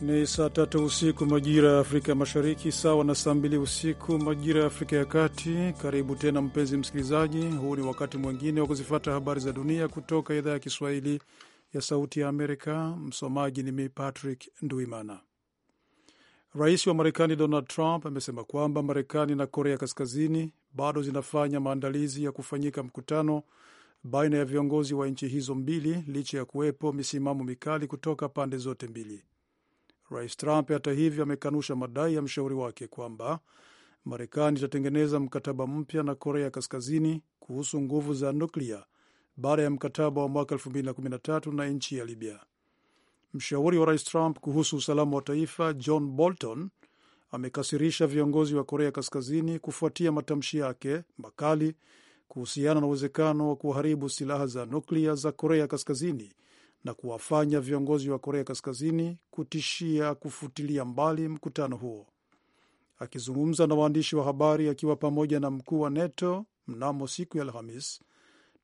Ni saa tatu usiku majira ya Afrika Mashariki, sawa na saa mbili usiku majira ya Afrika ya Kati. Karibu tena mpenzi msikilizaji, huu ni wakati mwingine wa kuzifata habari za dunia kutoka idhaa ya Kiswahili ya Sauti ya Amerika. Msomaji ni mi Patrick Nduimana. Rais wa Marekani Donald Trump amesema kwamba Marekani na Korea Kaskazini bado zinafanya maandalizi ya kufanyika mkutano baina ya viongozi wa nchi hizo mbili licha ya kuwepo misimamo mikali kutoka pande zote mbili. Rais Trump hata hivyo amekanusha madai ya mshauri wake kwamba Marekani itatengeneza mkataba mpya na Korea Kaskazini kuhusu nguvu za nuklia baada ya mkataba wa mwaka 2013 na nchi ya Libya. Mshauri wa rais Trump kuhusu usalama wa taifa John Bolton amekasirisha viongozi wa Korea Kaskazini kufuatia matamshi yake makali kuhusiana na uwezekano wa kuharibu silaha za nuklia za Korea Kaskazini na kuwafanya viongozi wa Korea Kaskazini kutishia kufutilia mbali mkutano huo. Akizungumza na waandishi wa habari akiwa pamoja na mkuu wa NATO mnamo siku ya Alhamis,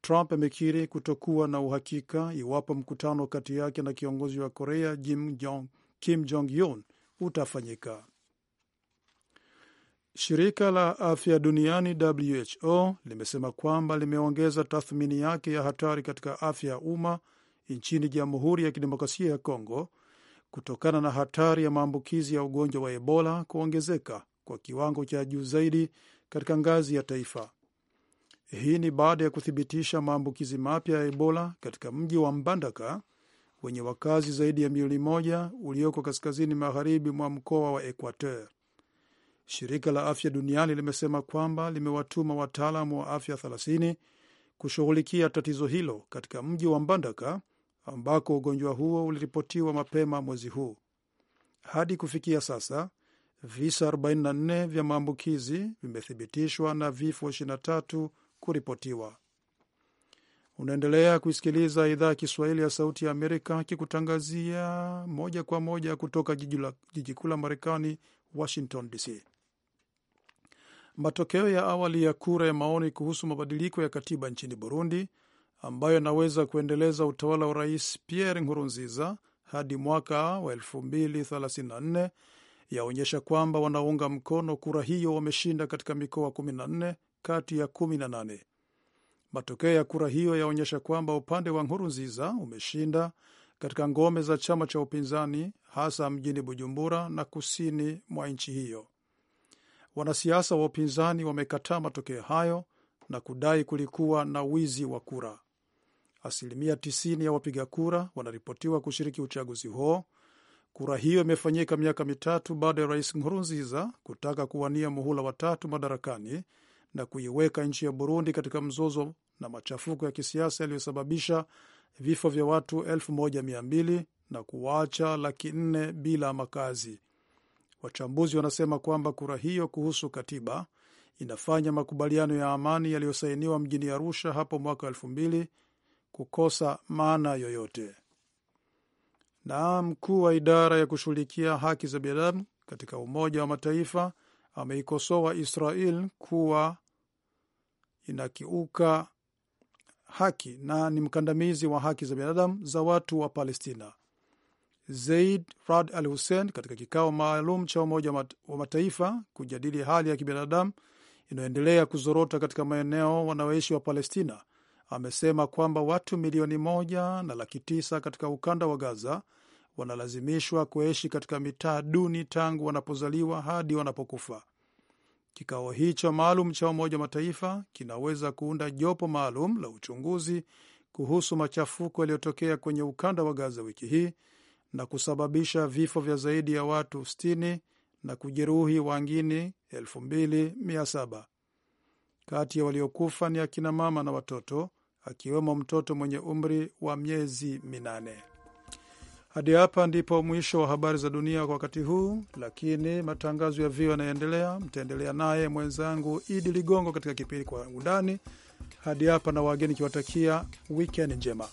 Trump amekiri kutokuwa na uhakika iwapo mkutano kati yake na kiongozi wa Korea Kim Jong, Kim Jong Un utafanyika. Shirika la afya duniani WHO limesema kwamba limeongeza tathmini yake ya hatari katika afya ya umma nchini Jamhuri ya Kidemokrasia ya Kongo kutokana na hatari ya maambukizi ya ugonjwa wa Ebola kuongezeka kwa kiwango cha juu zaidi katika ngazi ya taifa. Hii ni baada ya kuthibitisha maambukizi mapya ya Ebola katika mji wa Mbandaka wenye wakazi zaidi ya milioni moja ulioko kaskazini magharibi mwa mkoa wa Equateur. Shirika la Afya Duniani limesema kwamba limewatuma wataalamu wa afya 30 kushughulikia tatizo hilo katika mji wa Mbandaka ambako ugonjwa huo uliripotiwa mapema mwezi huu. Hadi kufikia sasa visa 44 vya maambukizi vimethibitishwa na vifo 23 kuripotiwa. Unaendelea kuisikiliza idhaa ya Kiswahili ya Sauti ya Amerika kikutangazia moja kwa moja kutoka jiji kuu la Marekani, Washington DC. Matokeo ya awali ya kura ya maoni kuhusu mabadiliko ya katiba nchini Burundi ambayo anaweza kuendeleza utawala wa Rais Pierre Nkurunziza hadi mwaka wa 2034 yaonyesha kwamba wanaunga mkono kura hiyo wameshinda katika mikoa 14 kati ya 18. Matokeo ya kura hiyo yaonyesha kwamba upande wa Nkurunziza umeshinda katika ngome za chama cha upinzani hasa mjini Bujumbura na kusini mwa nchi hiyo. Wanasiasa wa upinzani wamekataa matokeo hayo na kudai kulikuwa na wizi wa kura. Asilimia 90 ya wapiga kura wanaripotiwa kushiriki uchaguzi huo. Kura hiyo imefanyika miaka mitatu baada ya rais Nkurunziza kutaka kuwania muhula watatu madarakani na kuiweka nchi ya Burundi katika mzozo na machafuko ya kisiasa yaliyosababisha vifo vya watu 1200 na kuwaacha laki nne bila makazi. Wachambuzi wanasema kwamba kura hiyo kuhusu katiba inafanya makubaliano ya amani yaliyosainiwa mjini Arusha hapo mwaka elfu mbili kukosa maana yoyote. Na mkuu wa idara ya kushughulikia haki za binadamu katika Umoja wa Mataifa ameikosoa Israel kuwa inakiuka haki na ni mkandamizi wa haki za binadamu za watu wa Palestina. Zaid Rad Al Hussein katika kikao maalum cha Umoja wa Mataifa kujadili hali ya kibinadamu inayoendelea kuzorota katika maeneo wanaoishi wa Palestina amesema kwamba watu milioni moja na laki tisa katika ukanda wa Gaza wanalazimishwa kuishi katika mitaa duni tangu wanapozaliwa hadi wanapokufa. Kikao hicho maalum cha Umoja wa Mataifa kinaweza kuunda jopo maalum la uchunguzi kuhusu machafuko yaliyotokea kwenye ukanda wa Gaza wiki hii na kusababisha vifo vya zaidi ya watu 60 na kujeruhi wengine 2700. Kati ya waliokufa ni akina mama na watoto akiwemo mtoto mwenye umri wa miezi minane. Hadi hapa ndipo mwisho wa habari za dunia kwa wakati huu, lakini matangazo ya VOA yanaendelea. Mtaendelea naye mwenzangu Idi Ligongo katika kipindi kwa undani. Hadi hapa na wageni kiwatakia wikendi njema.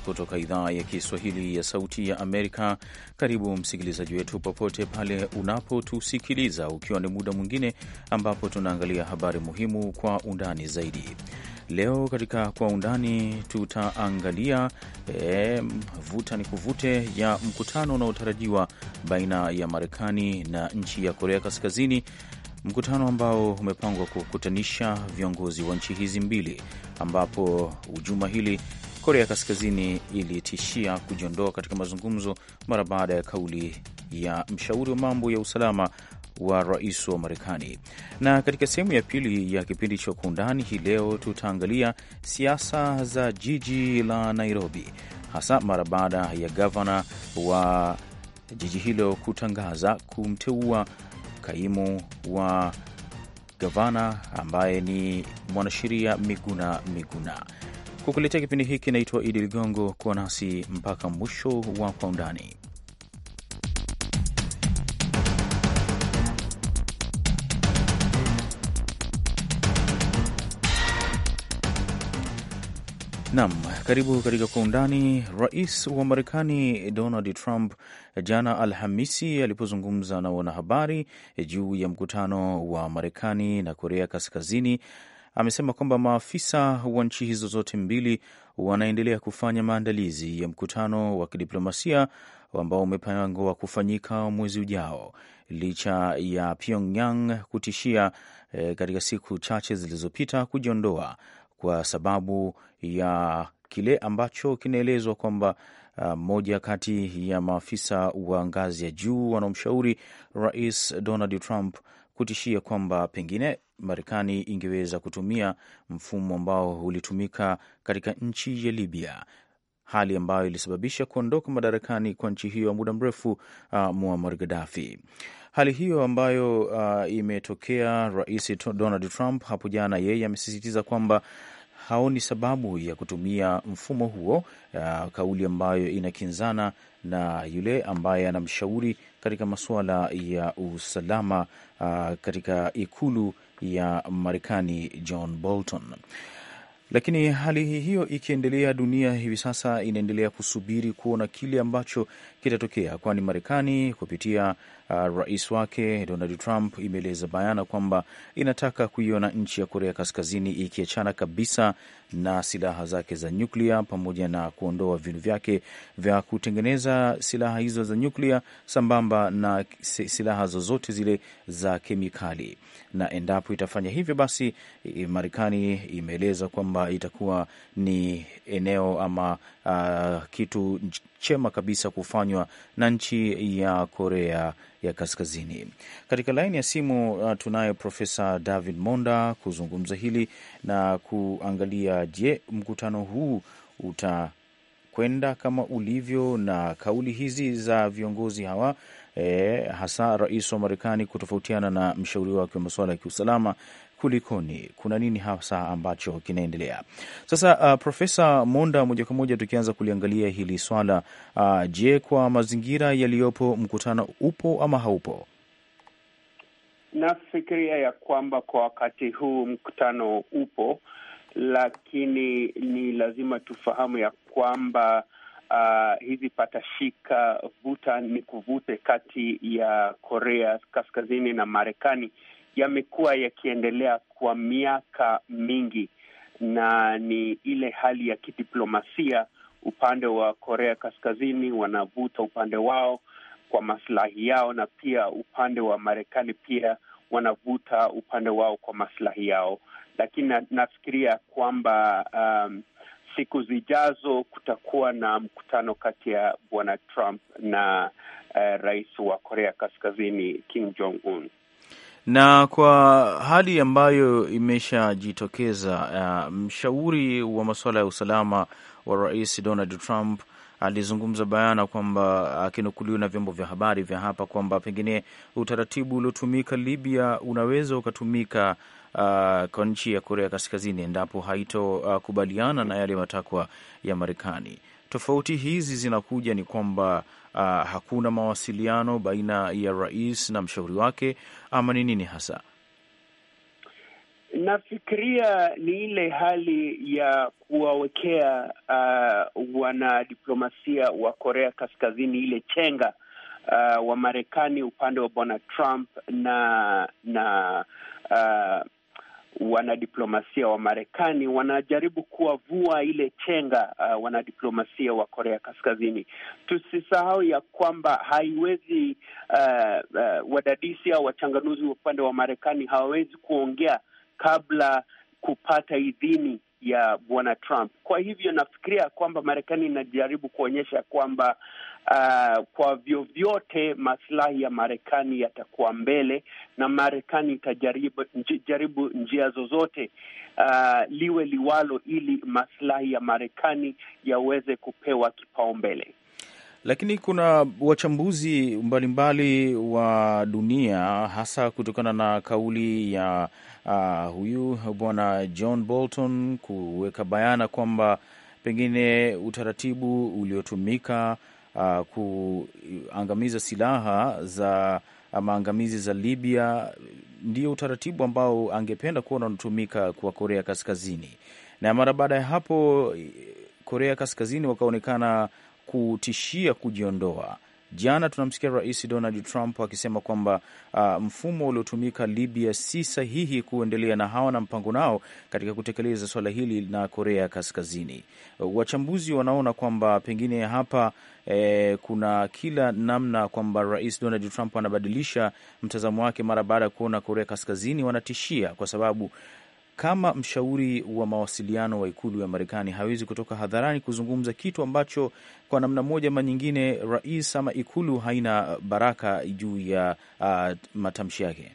kutoka idhaa ya Kiswahili ya Sauti ya Amerika. Karibu msikilizaji wetu popote pale unapotusikiliza, ukiwa ni muda mwingine ambapo tunaangalia habari muhimu kwa undani zaidi. Leo katika kwa undani tutaangalia e, vuta ni kuvute ya mkutano unaotarajiwa baina ya Marekani na nchi ya Korea Kaskazini, mkutano ambao umepangwa kukutanisha viongozi wa nchi hizi mbili, ambapo juma hili Korea Kaskazini ilitishia kujiondoa katika mazungumzo mara baada ya kauli ya mshauri wa mambo ya usalama wa rais wa Marekani. Na katika sehemu ya pili ya kipindi cha Kwa Undani hii leo tutaangalia siasa za jiji la Nairobi, hasa mara baada ya gavana wa jiji hilo kutangaza kumteua kaimu wa gavana ambaye ni mwanasheria Miguna Miguna kukuletea kipindi hiki. Naitwa Idi Ligongo, kuwa nasi mpaka mwisho wa Kwa Undani. Nam, karibu katika kwa undani. Rais wa Marekani Donald Trump jana Alhamisi alipozungumza na wanahabari juu ya mkutano wa Marekani na Korea Kaskazini amesema kwamba maafisa wa nchi hizo zote mbili wanaendelea kufanya maandalizi ya mkutano wa kidiplomasia ambao umepangwa kufanyika mwezi ujao licha ya Pyongyang kutishia e, katika siku chache zilizopita kujiondoa kwa sababu ya kile ambacho kinaelezwa kwamba mmoja eh, kati ya maafisa wa ngazi ya juu wanaomshauri Rais Donald Trump kutishia kwamba pengine Marekani ingeweza kutumia mfumo ambao ulitumika katika nchi ya Libya, hali ambayo ilisababisha kuondoka madarakani kwa nchi hiyo ya muda mrefu uh, Muammar Gaddafi. Hali hiyo ambayo uh, imetokea, Rais Donald Trump hapo jana, yeye amesisitiza kwamba haoni sababu ya kutumia mfumo huo, uh, kauli ambayo inakinzana na yule ambaye anamshauri katika masuala ya usalama uh, katika ikulu ya Marekani John Bolton. Lakini hali hiyo ikiendelea, dunia hivi sasa inaendelea kusubiri kuona kile ambacho kitatokea, kwani Marekani kupitia uh, rais wake Donald Trump imeeleza bayana kwamba inataka kuiona nchi ya Korea Kaskazini ikiachana kabisa na silaha zake za nyuklia pamoja na kuondoa vinu vyake vya kutengeneza silaha hizo za nyuklia sambamba na silaha zozote zile za kemikali. Na endapo itafanya hivyo, basi Marekani imeeleza kwamba itakuwa ni eneo ama uh, kitu chema kabisa kufanywa na nchi ya Korea ya Kaskazini. Katika laini ya simu uh, tunaye Profesa David Monda kuzungumza hili na kuangalia, je, mkutano huu utakwenda kama ulivyo na kauli hizi za viongozi hawa eh, hasa rais wa Marekani kutofautiana na mshauri wake wa masuala ya kiusalama kulikoni, kuna nini hasa ambacho kinaendelea sasa? Uh, Profesa Monda, moja kwa moja tukianza kuliangalia hili swala uh, je, kwa mazingira yaliyopo mkutano upo ama haupo? Nafikiria ya kwamba kwa wakati huu mkutano upo, lakini ni lazima tufahamu ya kwamba uh, hizi patashika vuta ni kuvute kati ya Korea Kaskazini na Marekani yamekuwa yakiendelea kwa miaka mingi, na ni ile hali ya kidiplomasia. Upande wa Korea Kaskazini wanavuta upande wao kwa maslahi yao, na pia upande wa Marekani pia wanavuta upande wao kwa maslahi yao, lakini nafikiria kwamba um, siku zijazo kutakuwa na mkutano kati ya Bwana Trump na uh, rais wa Korea Kaskazini Kim Jong Un. Na kwa hali ambayo imeshajitokeza, uh, mshauri wa masuala ya usalama wa Rais Donald Trump alizungumza bayana kwamba akinukuliwa na vyombo vya habari vya hapa kwamba pengine utaratibu uliotumika Libya unaweza ukatumika uh, kwa nchi ya Korea Kaskazini endapo haitokubaliana uh, na yale matakwa ya Marekani. Tofauti hizi zinakuja ni kwamba uh, hakuna mawasiliano baina ya rais na mshauri wake ama ni nini hasa? Nafikiria ni ile hali ya kuwawekea uh, wanadiplomasia wa Korea Kaskazini ile chenga uh, wa Marekani upande wa bwana Trump na na uh, wanadiplomasia wa Marekani wanajaribu kuwavua ile chenga uh, wanadiplomasia wa Korea Kaskazini. Tusisahau ya kwamba haiwezi uh, uh, wadadisi au wachanganuzi wa upande wa Marekani hawawezi kuongea kabla kupata idhini ya bwana Trump. Kwa hivyo nafikiria kwamba Marekani inajaribu kuonyesha kwamba uh, kwa vyovyote maslahi ya Marekani yatakuwa mbele na Marekani itajaribu jaribu njia zozote uh, liwe liwalo, ili maslahi ya Marekani yaweze kupewa kipaumbele. Lakini kuna wachambuzi mbalimbali wa dunia hasa kutokana na kauli ya uh, huyu bwana John Bolton kuweka bayana kwamba pengine utaratibu uliotumika uh, kuangamiza silaha za ah, maangamizi za Libya ndio utaratibu ambao angependa kuona unatumika kwa Korea Kaskazini, na mara baada ya hapo Korea Kaskazini wakaonekana kutishia kujiondoa. Jana tunamsikia Rais Donald Trump akisema kwamba uh, mfumo uliotumika Libya si sahihi kuendelea, na hawa na mpango nao katika kutekeleza suala hili na Korea Kaskazini. Wachambuzi wanaona kwamba pengine hapa eh, kuna kila namna kwamba Rais Donald Trump anabadilisha mtazamo wake mara baada ya kuona Korea Kaskazini wanatishia, kwa sababu kama mshauri wa mawasiliano wa ikulu ya Marekani hawezi kutoka hadharani kuzungumza kitu ambacho kwa namna moja ama nyingine rais ama ikulu haina baraka juu ya uh, matamshi yake.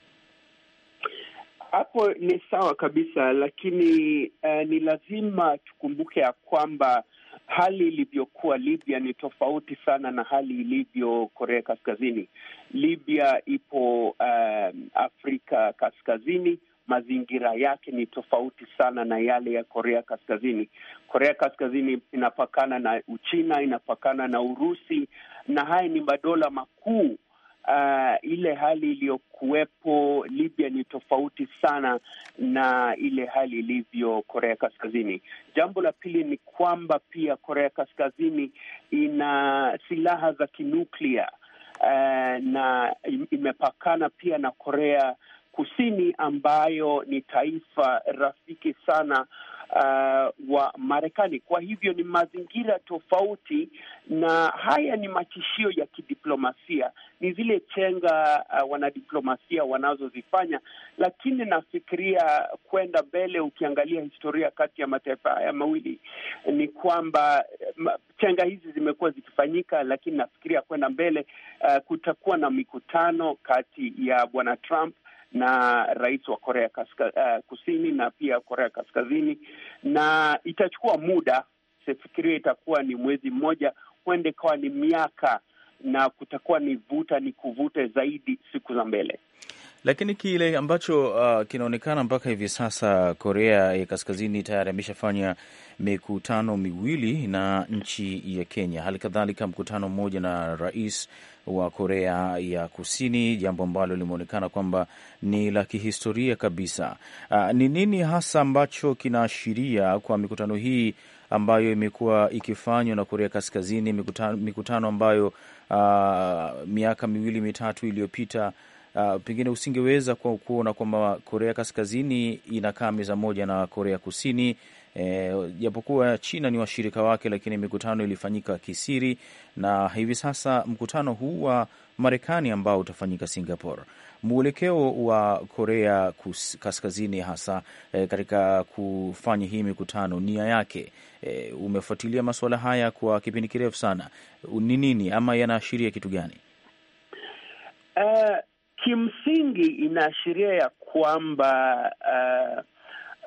Hapo ni sawa kabisa, lakini uh, ni lazima tukumbuke ya kwamba hali ilivyokuwa Libya ni tofauti sana na hali ilivyo Korea Kaskazini. Libya ipo uh, Afrika Kaskazini mazingira yake ni tofauti sana na yale ya Korea Kaskazini. Korea Kaskazini inapakana na Uchina, inapakana na Urusi, na haya ni madola makuu. Uh, ile hali iliyokuwepo Libya ni tofauti sana na ile hali ilivyo Korea Kaskazini. Jambo la pili ni kwamba pia Korea Kaskazini ina silaha za kinuklia uh, na imepakana pia na Korea Kusini ambayo ni taifa rafiki sana uh, wa Marekani. Kwa hivyo ni mazingira tofauti, na haya ni matishio ya kidiplomasia, ni zile chenga uh, wanadiplomasia wanazozifanya, lakini nafikiria kwenda mbele, ukiangalia historia kati ya mataifa haya mawili ni kwamba uh, chenga hizi zimekuwa zikifanyika, lakini nafikiria kwenda mbele, uh, kutakuwa na mikutano kati ya bwana Trump na rais wa Korea Kaska, uh, Kusini na pia Korea Kaskazini, na itachukua muda, sifikiria itakuwa ni mwezi mmoja, huende ikawa ni miaka, na kutakuwa ni vuta ni kuvute zaidi siku za mbele. Lakini kile ambacho uh, kinaonekana mpaka hivi sasa, Korea ya Kaskazini tayari ameshafanya mikutano miwili na nchi ya Kenya, hali kadhalika mkutano mmoja na rais wa Korea ya Kusini, jambo ambalo limeonekana kwamba ni la kihistoria kabisa. Uh, ni nini hasa ambacho kinaashiria kwa mikutano hii ambayo imekuwa ikifanywa na Korea Kaskazini, mikutano, mikutano ambayo uh, miaka miwili mitatu iliyopita uh, pengine usingeweza kwa kuona kwamba Korea Kaskazini inakaa meza moja na Korea Kusini eh, japokuwa China ni washirika wake, lakini mikutano ilifanyika kisiri, na hivi sasa mkutano huu wa Marekani ambao utafanyika Singapore, mwelekeo wa Korea kus, Kaskazini hasa e, katika kufanya hii mikutano, nia yake e, umefuatilia masuala haya kwa kipindi kirefu sana, ni nini ama yanaashiria kitu gani? Uh, kimsingi inaashiria ya kwamba uh,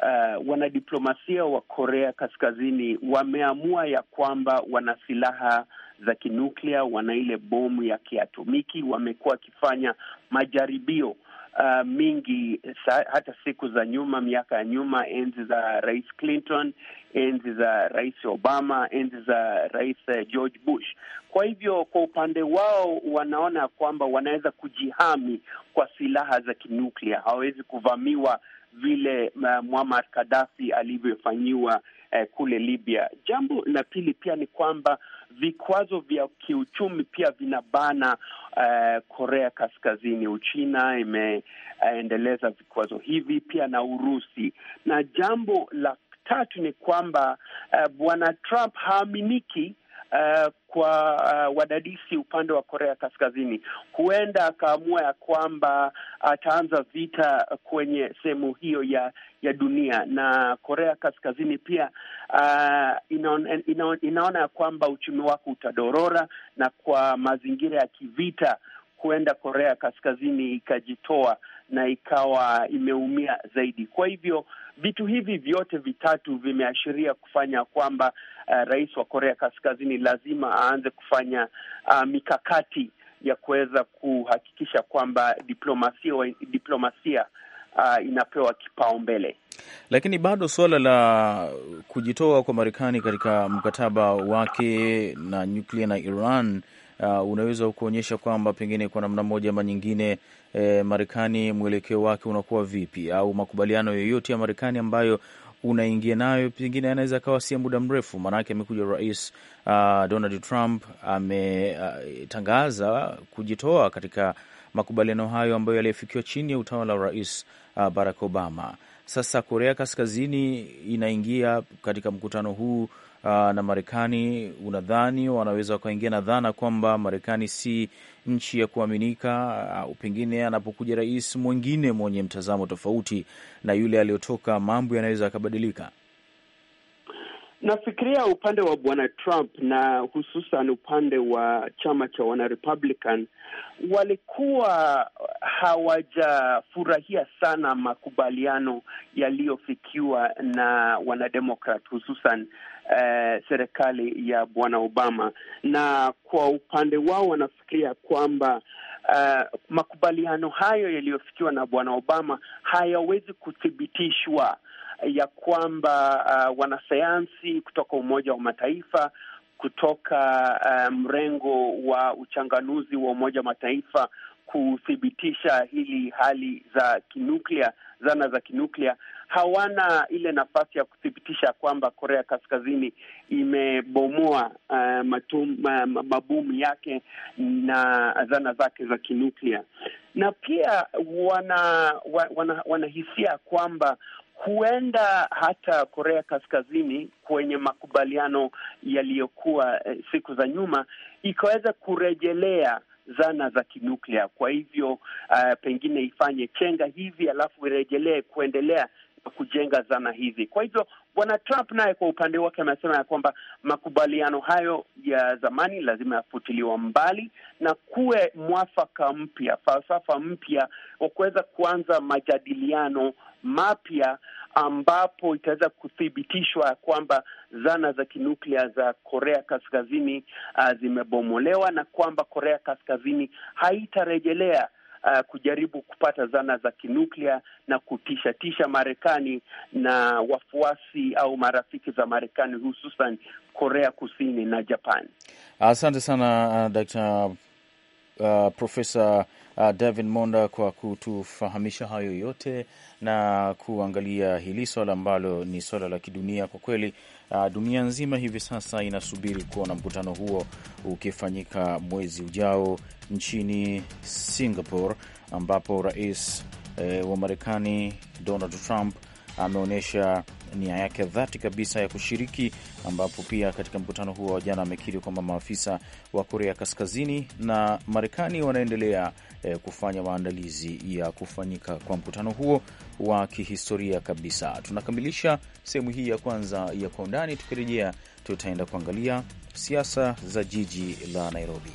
uh, wanadiplomasia wa Korea Kaskazini wameamua ya kwamba wana silaha za kinuklia, wana ile bomu ya kiatomiki. Wamekuwa wakifanya majaribio uh, mingi sa, hata siku za nyuma, miaka ya nyuma, enzi za Rais Clinton, enzi za Rais Obama, enzi za Rais uh, George Bush. Kwa hivyo, kwa upande wao wanaona kwamba wanaweza kujihami kwa silaha za kinuklia, hawawezi kuvamiwa vile uh, Muammar Gaddafi alivyofanyiwa uh, kule Libya. Jambo la pili pia ni kwamba vikwazo vya kiuchumi pia vinabana uh, Korea Kaskazini. Uchina imeendeleza uh, vikwazo hivi pia na Urusi, na jambo la tatu ni kwamba uh, bwana Trump haaminiki uh, kwa uh, wadadisi upande wa Korea Kaskazini. Huenda akaamua ya kwamba ataanza vita kwenye sehemu hiyo ya ya dunia, na Korea Kaskazini pia uh, eh, inaona, ina, inaona ya kwamba uchumi wake utadorora, na kwa mazingira ya kivita huenda Korea Kaskazini ikajitoa na ikawa imeumia zaidi. Kwa hivyo Vitu hivi vyote vitatu vimeashiria kufanya kwamba uh, rais wa Korea Kaskazini lazima aanze kufanya uh, mikakati ya kuweza kuhakikisha kwamba diplomasia diplomasia uh, inapewa kipaumbele, lakini bado suala la kujitoa kwa Marekani katika mkataba wake na nyuklia na Iran uh, unaweza kuonyesha kwamba pengine kwa namna moja ama nyingine, eh, Marekani mwelekeo wake unakuwa vipi, au makubaliano yoyote ya Marekani ambayo unaingia nayo pengine anaweza akawa si muda mrefu, maanake amekuja rais uh, Donald Trump ametangaza uh, kujitoa katika makubaliano hayo ambayo yalifikiwa chini ya utawala wa rais uh, Barack Obama. Sasa Korea Kaskazini inaingia katika mkutano huu uh, na Marekani, unadhani wanaweza wakaingia na dhana kwamba Marekani si nchi ya kuaminika, au ah, pengine anapokuja rais mwingine mwenye mtazamo tofauti na yule aliyotoka, mambo yanaweza yakabadilika? Nafikiria upande wa bwana Trump na hususan upande wa chama cha wana walikuwa hawajafurahia sana makubaliano yaliyofikiwa na wanademokrat hususan eh, serikali ya bwana Obama, na kwa upande wao wanafikiria kwamba eh, makubaliano hayo yaliyofikiwa na bwana Obama hayawezi kuthibitishwa ya kwamba uh, wanasayansi kutoka Umoja wa Mataifa kutoka uh, mrengo wa uchanganuzi wa Umoja wa Mataifa kuthibitisha hili hali za kinuklia, zana za kinuklia hawana ile nafasi ya kuthibitisha kwamba Korea Kaskazini imebomoa uh, mabomu yake na zana zake za kinuklia, na pia wana, wa, wana, wanahisia kwamba huenda hata Korea Kaskazini kwenye makubaliano yaliyokuwa eh, siku za nyuma ikaweza kurejelea zana za kinuklia. Kwa hivyo uh, pengine ifanye chenga hivi alafu irejelee kuendelea kujenga zana hizi. Kwa hivyo bwana Trump naye kwa upande wake amesema ya kwamba makubaliano hayo ya zamani lazima yafutiliwa mbali na kuwe mwafaka mpya, falsafa mpya wa kuweza kuanza majadiliano mapya ambapo itaweza kuthibitishwa kwamba zana za kinuklia za Korea Kaskazini uh, zimebomolewa na kwamba Korea Kaskazini haitarejelea uh, kujaribu kupata zana za kinuklia na kutishatisha Marekani na wafuasi au marafiki za Marekani, hususan Korea Kusini na Japan. Asante sana d uh, uh Profesa uh, David Monda kwa kutufahamisha hayo yote na kuangalia hili swala ambalo ni swala la kidunia kwa kweli uh, dunia nzima hivi sasa inasubiri kuona mkutano huo ukifanyika mwezi ujao nchini Singapore ambapo rais eh, wa Marekani Donald Trump ameonyesha nia yake dhati kabisa ya kushiriki, ambapo pia katika mkutano huo wa jana amekiri kwamba maafisa wa Korea Kaskazini na Marekani wanaendelea eh, kufanya maandalizi ya kufanyika kwa mkutano huo wa kihistoria kabisa. Tunakamilisha sehemu hii ya kwanza ya Kwa Undani. Tukirejea tutaenda kuangalia siasa za jiji la Nairobi.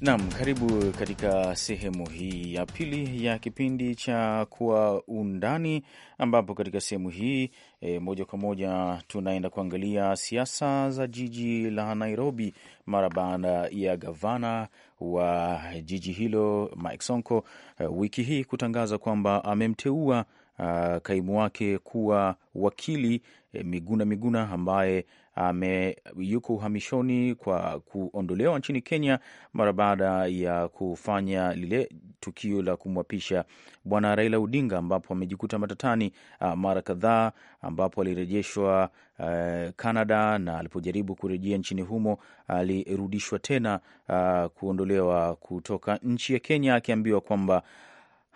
nam karibu katika sehemu hii ya pili ya kipindi cha Kwa Undani, ambapo katika sehemu hii e, moja kwa moja tunaenda kuangalia siasa za jiji la Nairobi mara baada ya gavana wa jiji hilo Mike Sonko e, wiki hii kutangaza kwamba amemteua kaimu wake kuwa wakili e, Miguna Miguna ambaye ame yuko uhamishoni kwa kuondolewa nchini Kenya mara baada ya kufanya lile tukio la kumwapisha bwana Raila Odinga, ambapo amejikuta matatani ah, mara kadhaa, ambapo alirejeshwa uh, Canada na alipojaribu kurejea nchini humo alirudishwa tena uh, kuondolewa kutoka nchi ya Kenya akiambiwa kwamba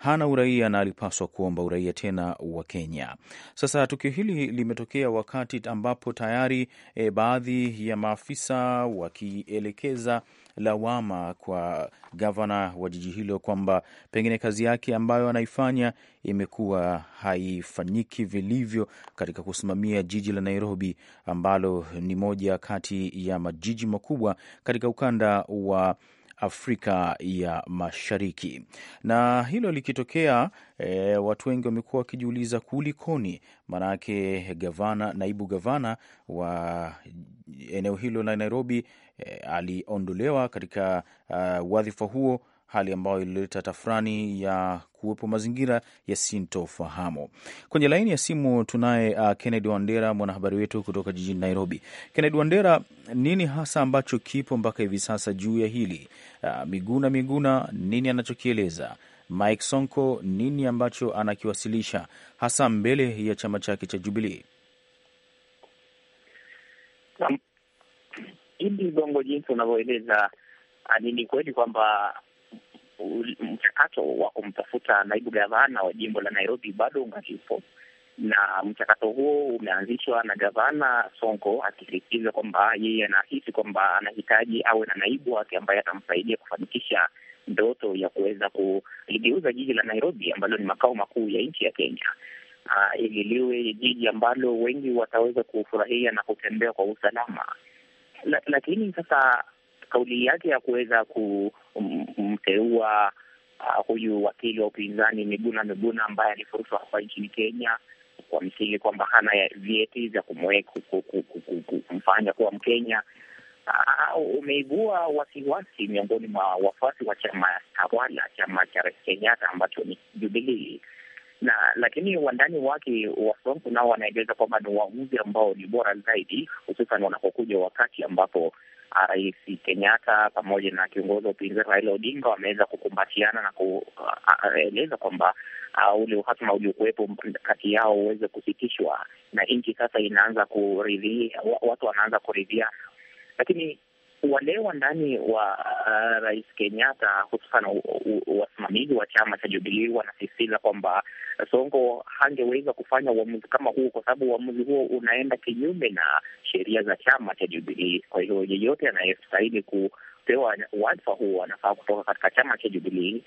hana uraia na alipaswa kuomba uraia tena wa Kenya. Sasa tukio hili limetokea wakati ambapo tayari e, baadhi ya maafisa wakielekeza lawama kwa gavana wa jiji hilo kwamba pengine kazi yake ambayo anaifanya imekuwa haifanyiki vilivyo katika kusimamia jiji la Nairobi ambalo ni moja kati ya majiji makubwa katika ukanda wa Afrika ya Mashariki. Na hilo likitokea, e, watu wengi wamekuwa wakijiuliza kulikoni, maanake gavana, naibu gavana wa eneo hilo la Nairobi e, aliondolewa katika uh, wadhifa huo hali ambayo ilileta tafurani ya kuwepo mazingira ya sintofahamu. Kwenye laini ya simu tunaye uh, Kennedy Wandera, mwanahabari wetu kutoka jijini Nairobi. Kennedy Wandera, nini hasa ambacho kipo mpaka hivi sasa juu ya hili uh, Miguna Miguna nini anachokieleza Mike Sonko, nini ambacho anakiwasilisha hasa mbele ya chama chake cha jubili hili Gongo, jinsi unavyoeleza uh, ni kweli kwamba mchakato wa kumtafuta naibu gavana wa jimbo la Nairobi bado ungalipo, na mchakato huo umeanzishwa na gavana Sonko akisisitiza kwamba yeye anahisi kwamba anahitaji awe na naibu wake ambaye atamsaidia kufanikisha ndoto ya kuweza kuligeuza jiji la Nairobi ambalo ni makao makuu ya nchi ya Kenya uh, ili liwe jiji ambalo wengi wataweza kufurahia na kutembea kwa usalama. La, lakini sasa kauli yake ya kuweza ku kumteua uh, ah, huyu wakili wa upinzani Miguna Miguna ambaye alifurushwa hapa nchini Kenya kwa msingi kwamba hana vyeti vya kumfanya kuwa Mkenya. Uh, umeibua wasiwasi miongoni mwa wafuasi wa chama tawala, chama cha Rais Kenyatta ambacho ni Jubilii na lakini wandani wake wasongu nao wanaeleza kwamba ni uamuzi ambao ni bora zaidi, hususan wanapokuja wakati ambapo Rais Kenyatta pamoja na kiongozi wa upinzani Raila Odinga wameweza kukumbatiana na kueleza kwamba ule uhasama uliokuwepo kati yao uweze kusitishwa, na nchi sasa inaanza kuridhia, watu wanaanza kuridhiana. Lakini wale ndani wa uh, Rais Kenyatta hususan wasimamizi wa chama cha Jubilii wanasisitiza kwamba songo hangeweza kufanya uamuzi kama huo kwa sababu uamuzi huo unaenda kinyume na sheria za chama cha Jubilii. Kwa hiyo yeyote anayestahili kupewa wadhifa huo anafaa kutoka katika chama cha Jubilii.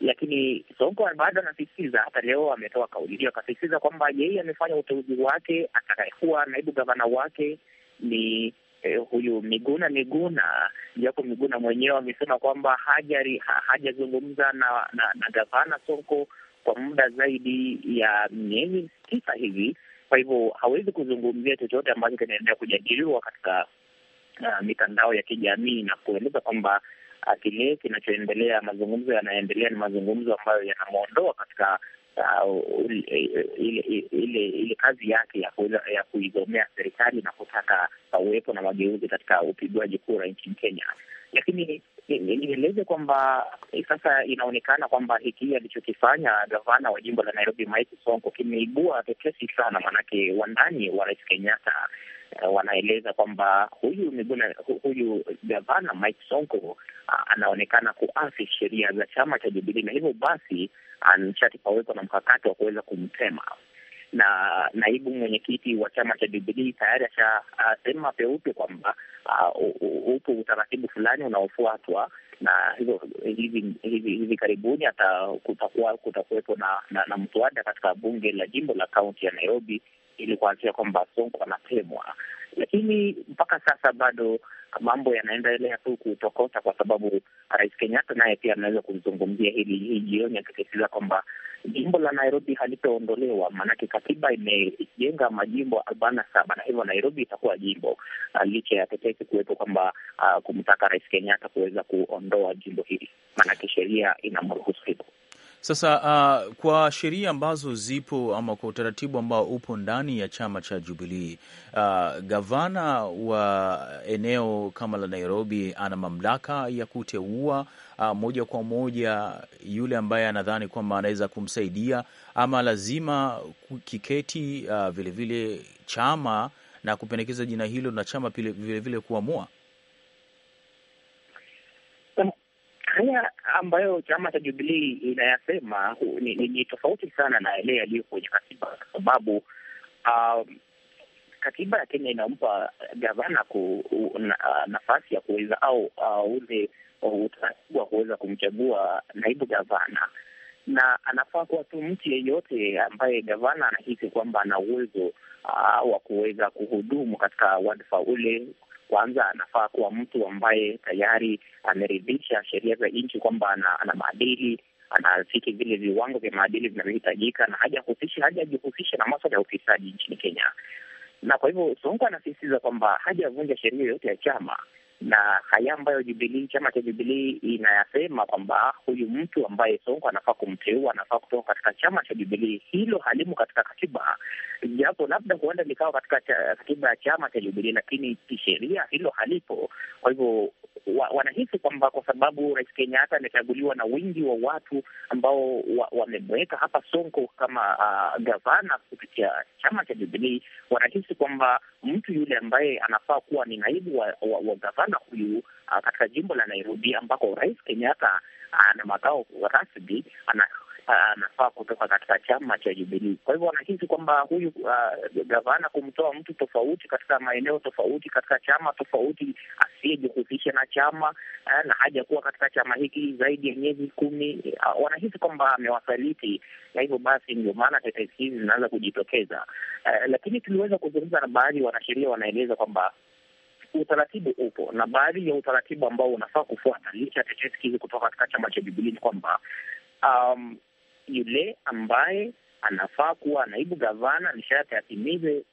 Lakini songo bado anasisitiza, hata leo ametoa kauli hiyo, akasisitiza kwamba yeye amefanya uteuzi wake, atakayekuwa naibu gavana wake ni eh, huyu Miguna Miguna, japo Miguna mwenyewe amesema kwamba hajari ha, hajazungumza na, na, na gavana Sonko kwa muda zaidi ya miezi tisa hivi. Kwa hivyo hawezi kuzungumzia chochote ambacho kinaendelea kujadiliwa katika uh, mitandao ya kijamii na kueleza kwamba uh, kile kinachoendelea, mazungumzo yanaendelea ni mazungumzo ambayo yanamwondoa katika ile kazi yake ya ya kuigomea serikali na kutaka pawepo na mageuzi katika upigwaji kura nchini Kenya. Lakini nieleze kwamba sasa inaonekana kwamba hiki alichokifanya gavana wa jimbo la Nairobi Mike Sonko kimeibua tetesi sana, maanake wandani wa rais Kenyatta uh, wanaeleza kwamba huyu Miguna, huyu gavana Mike Sonko uh, anaonekana kuasi sheria za chama cha Jubilii na hivyo basi nishati pawekwa na mkakati wa kuweza kumtema na naibu mwenyekiti wa chama cha Jubilii tayari ashasema uh, peupe kwamba uh, upo utaratibu fulani unaofuatwa na hizo hivi, hivi, hivi karibuni hata kutakuwepo na, na, na mswada katika bunge la jimbo la kaunti ya Nairobi ili kuanzia kwamba Sonko anatemwa, lakini mpaka sasa bado mambo yanaendelea tu kutokota, kwa sababu Rais Kenyatta naye pia anaweza kuzungumzia hili hii jioni, akisisitiza kwamba jimbo la Nairobi halitoondolewa maanake katiba imejenga majimbo arobaini na saba na hivyo Nairobi itakuwa jimbo, uh, licha ya tetesi kuwepo kwamba uh, kumtaka Rais Kenyatta kuweza kuondoa jimbo hili, maanake sheria inamruhusu hivyo. Sasa uh, kwa sheria ambazo zipo ama kwa utaratibu ambao upo ndani ya chama cha Jubilii, uh, gavana wa eneo kama la Nairobi ana mamlaka ya kuteua uh, moja kwa moja yule ambaye anadhani kwamba anaweza kumsaidia ama lazima kiketi vilevile uh, vile chama na kupendekeza jina hilo na chama vilevile kuamua yale ambayo chama cha Jubilii inayasema ni, ni, ni tofauti sana na yale yaliyo kwenye katiba, kwa sababu um, katiba ya Kenya inampa gavana ku, na, nafasi ya kuweza au uh, ule utaratibu wa kuweza kumchagua naibu gavana, na anafaa kuwa tu mtu yeyote ambaye gavana anahisi kwamba ana uwezo uh, wa kuweza kuhudumu katika wadhifa ule kwanza anafaa kuwa mtu ambaye tayari ameridhisha sheria za nchi kwamba ana, ana maadili anafiki vile viwango vya maadili vinavyohitajika na hajahusisha hajajihusisha na maswala ya ufisadi nchini Kenya. Na kwa hivyo Sonko anasisitiza kwamba hajavunja sheria yoyote ya chama na haya ambayo Jubilii, chama cha Jubilii inayasema kwamba huyu mtu ambaye Sonko anafaa kumteua anafaa kutoka katika chama cha Jubilii, hilo halimu katika katiba japo labda huenda likawa katika katiba ya chama cha Jubilii, lakini kisheria hilo halipo. Kwa hivyo wa, wanahisi kwamba kwa sababu Rais Kenyatta amechaguliwa na wingi wa watu ambao wamemweka wa hapa Sonko kama uh, gavana kupitia chama cha Jubilii, wanahisi kwamba mtu yule ambaye anafaa kuwa ni naibu wa, wa, wa gavana huyu uh, katika jimbo la Nairobi ambako Rais Kenyatta ana makao rasmi ana ah, anafaa kutoka katika chama cha Jubilii. Kwa hivyo wanahisi kwamba huyu uh, gavana kumtoa mtu tofauti katika maeneo tofauti katika chama tofauti asiyejihusisha na chama uh, na haja kuwa katika chama hiki zaidi ya miezi kumi uh, wanahisi kwamba amewasaliti, na hivyo basi ndio maana tetesi hizi zinaanza kujitokeza. Uh, lakini tuliweza kuzungumza na baadhi ya wanasheria, wanaeleza kwamba utaratibu upo na baadhi ya utaratibu ambao unafaa kufuata, licha ya tetesi hizi kutoka katika chama cha Jubilii, kwamba um, yule ambaye anafaa kuwa naibu gavana ni sharti atimize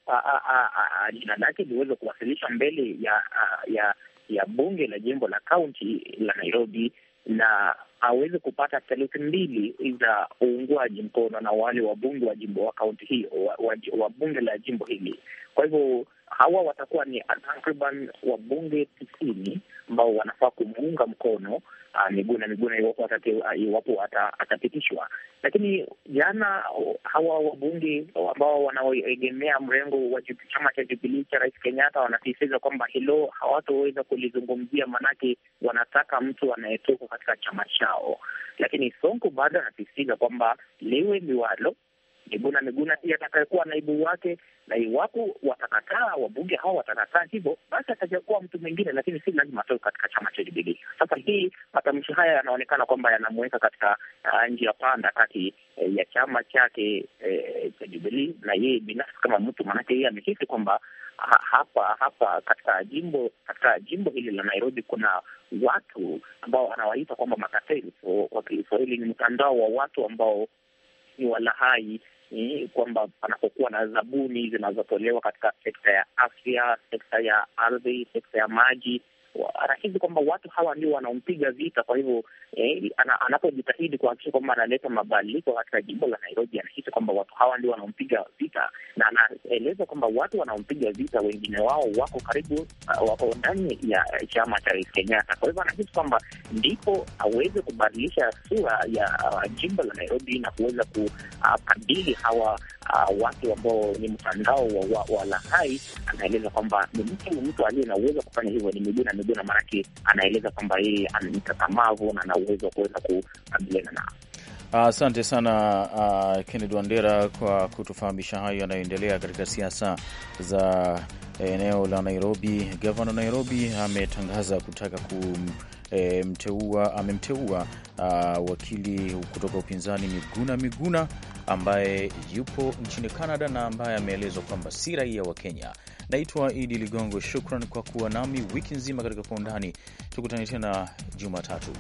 jina lake liweze kuwasilishwa mbele ya ya ya bunge la jimbo la kaunti la Nairobi na aweze kupata theluthi mbili za uungwaji mkono na wale wabunge wa jimbo wa kaunti hiyo wa, wa, wa bunge la jimbo hili. Kwa hivyo hawa watakuwa ni takriban wabunge tisini ambao wanafaa kumuunga mkono ah, Miguna Miguna iwapo iwapo atapitishwa. Lakini jana hawa wabunge ambao wanaoegemea mrengo wa chama cha Jubilii cha Rais Kenyatta wanasisitiza kwamba hilo hawatoweza kulizungumzia, maanake wanataka mtu anayetoka katika chama chao. Lakini Sonko bado anasisitiza kwamba liwe liwalo Miguna Miguna pia atakayekuwa naibu wake, na iwapo watakataa, wabunge hao watakataa hivyo, basi atakuwa mtu mwingine, lakini si lazima atoke katika chama cha Jubilii. Sasa hii matamshi haya yanaonekana kwamba yanamuweka katika uh, njia panda kati eh, ya chama chake eh, cha Jubilii na yeye binafsi kama mtu, maanake yeye amehisi kwamba hapa hapa katika jimbo katika jimbo hili la Nairobi kuna watu ambao anawaita kwamba makateli. kwa Kiswahili ni mtandao wa watu ambao ni walahai ni kwamba panapokuwa na zabuni zinazotolewa katika sekta ya afya, sekta ya ardhi, sekta ya maji anahisi kwamba watu hawa ndio wanaompiga vita. Kwa hivyo eh, anapojitahidi kuhakikisha kwamba analeta mabadiliko katika jimbo la Nairobi, anahisi kwamba watu hawa ndio wanaompiga vita, na anaeleza kwamba watu wanaompiga vita wengine wao wako karibu, uh, wako ndani ya chama cha Rais Kenyatta. Kwa hivyo anahisi kwamba ndipo aweze kubadilisha sura ya uh, jimbo la Nairobi na kuweza kukabili uh, hawa uh, watu ambao ni mtandao wa, wa, wa Lahai, anaeleza kwamba ni mtu mtu aliye na uwezo wa kufanya hivyo ni Miguna Miguna, maanake anaeleza kwamba yeye ni mkakamavu na ana uwezo wa kuweza kukabiliana nao. Asante uh, sana uh, Kennedy Wandera kwa kutufahamisha hayo yanayoendelea katika siasa za eneo la Nairobi. Gavana Nairobi ametangaza kutaka kumteua, eh, amemteua uh, wakili kutoka upinzani Miguna Miguna ambaye yupo nchini Canada na ambaye ameelezwa kwamba si raia wa Kenya. Naitwa Idi Ligongo, shukran kwa kuwa nami wiki nzima katika Kwa Undani. Tukutane tena Jumatatu.